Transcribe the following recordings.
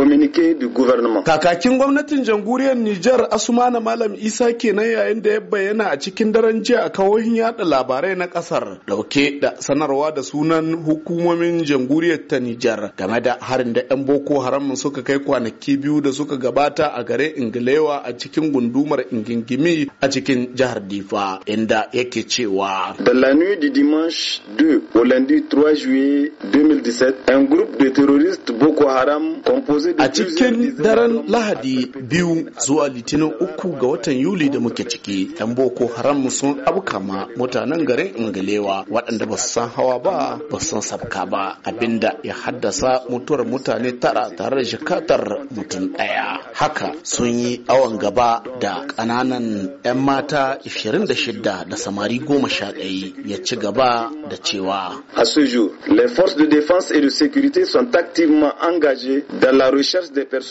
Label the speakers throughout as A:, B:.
A: communiqué du gouvernement.
B: Kakakin gwamnatin jamhuriyar Nijar Asumana Malam Isa kenan yayin da ya bayyana a cikin daren jiya a kawohin yada labarai na kasar dauke da sanarwa da sunan hukumomin jamhuriyar ta Nijar game da harin da 'yan Boko Haram suka kai kwanaki biyu da suka gabata a garin Ingilewa a cikin gundumar Ingingimi a cikin jihar Difa inda yake cewa. Da la
A: nuit du dimanche 2 au lundi 3 juillet 2017, un groupe de terroristes Boko Haram composé
B: a cikin daren lahadi biyu zuwa litinin uku ga watan yuli da muke ciki yan boko haram sun ma mutanen garin ingilewa waɗanda ba su san hawa ba ba su san sabka ba abinda ya haddasa mutuwar mutane tara tare da shikatar mutum ɗaya haka sun yi awon gaba da ƙananan 'yan mata 26 da samari goma 11 ya ci gaba da cewa
A: a ce les forces de défense et de sécurité sont activement engagées dans la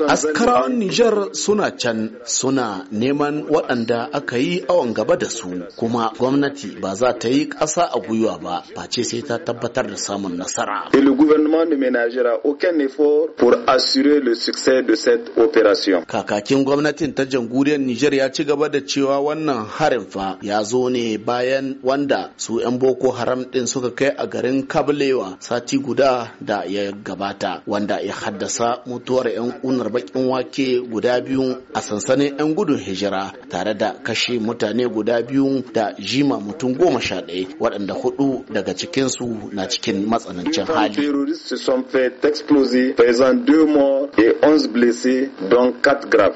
A: askarawan
B: Nijar suna can suna neman waɗanda aka yi awon gaba da su kuma gwamnati ba za ta yi ƙasa a gwiwa ba face sai ta tabbatar da samun nasara.
A: le de cette opération.
B: Kakakin gwamnatin ta jamhuriyar Nijar ya ci gaba da cewa wannan harin fa ya zo ne bayan wanda su 'yan Boko Haram ɗin suka kai a garin Kablewa sati guda da ya gabata wanda ya haddasa mutuwa mutuwar 'yan unar bakin wake guda biyu a sansanin 'yan gudun hijira tare da kashe mutane guda biyu da jima mutum goma sha ɗaya waɗanda hudu daga cikinsu na cikin matsanancin hali.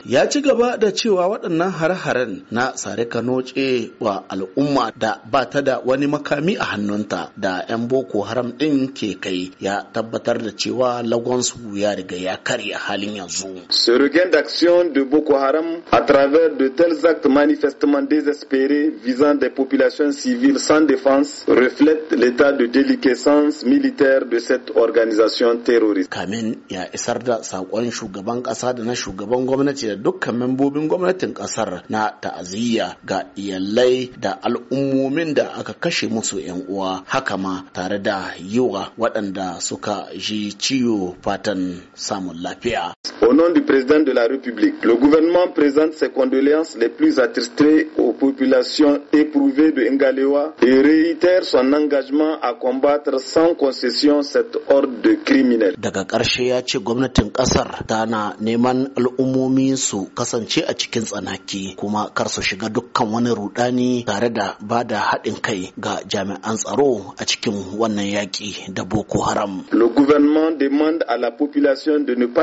B: Ya ci gaba da cewa waɗannan hare-haren na sare kanoce wa al'umma da ba ta da wani makami a hannunta da 'yan boko haram ɗin ke kai ya tabbatar da cewa lagonsu ya riga ya karya. a halin yanzu.
A: Ce regain d'action de Boko Haram à travers de tels actes manifestement désespérés visant des populations civiles sans défense reflète l'état de déliquescence militaire de cette organisation terroriste. Kamin
B: ya isar da sakon shugaban kasa da na shugaban gwamnati da dukkan membobin gwamnatin kasar na ta'aziyya ga iyalai da al'ummomin da aka kashe musu 'yan uwa haka ma tare da yiwa waɗanda suka ji ciwo fatan samun lafiya. lafiya.
A: Au nom du président de la République, le gouvernement présente ses condoléances les plus attristées aux populations éprouvées de Ngalewa et réitère son engagement a combattre sans concession cette horde de criminels.
B: Daga karshe ya ce gwamnatin ƙasar tana neman al'ummomi su kasance a cikin tsanaki kuma kar su shiga dukkan wani rudani tare da ba da haɗin kai ga jami'an tsaro a cikin wannan yaƙi da Boko Haram.
A: Le gouvernement demande à la population de ne pas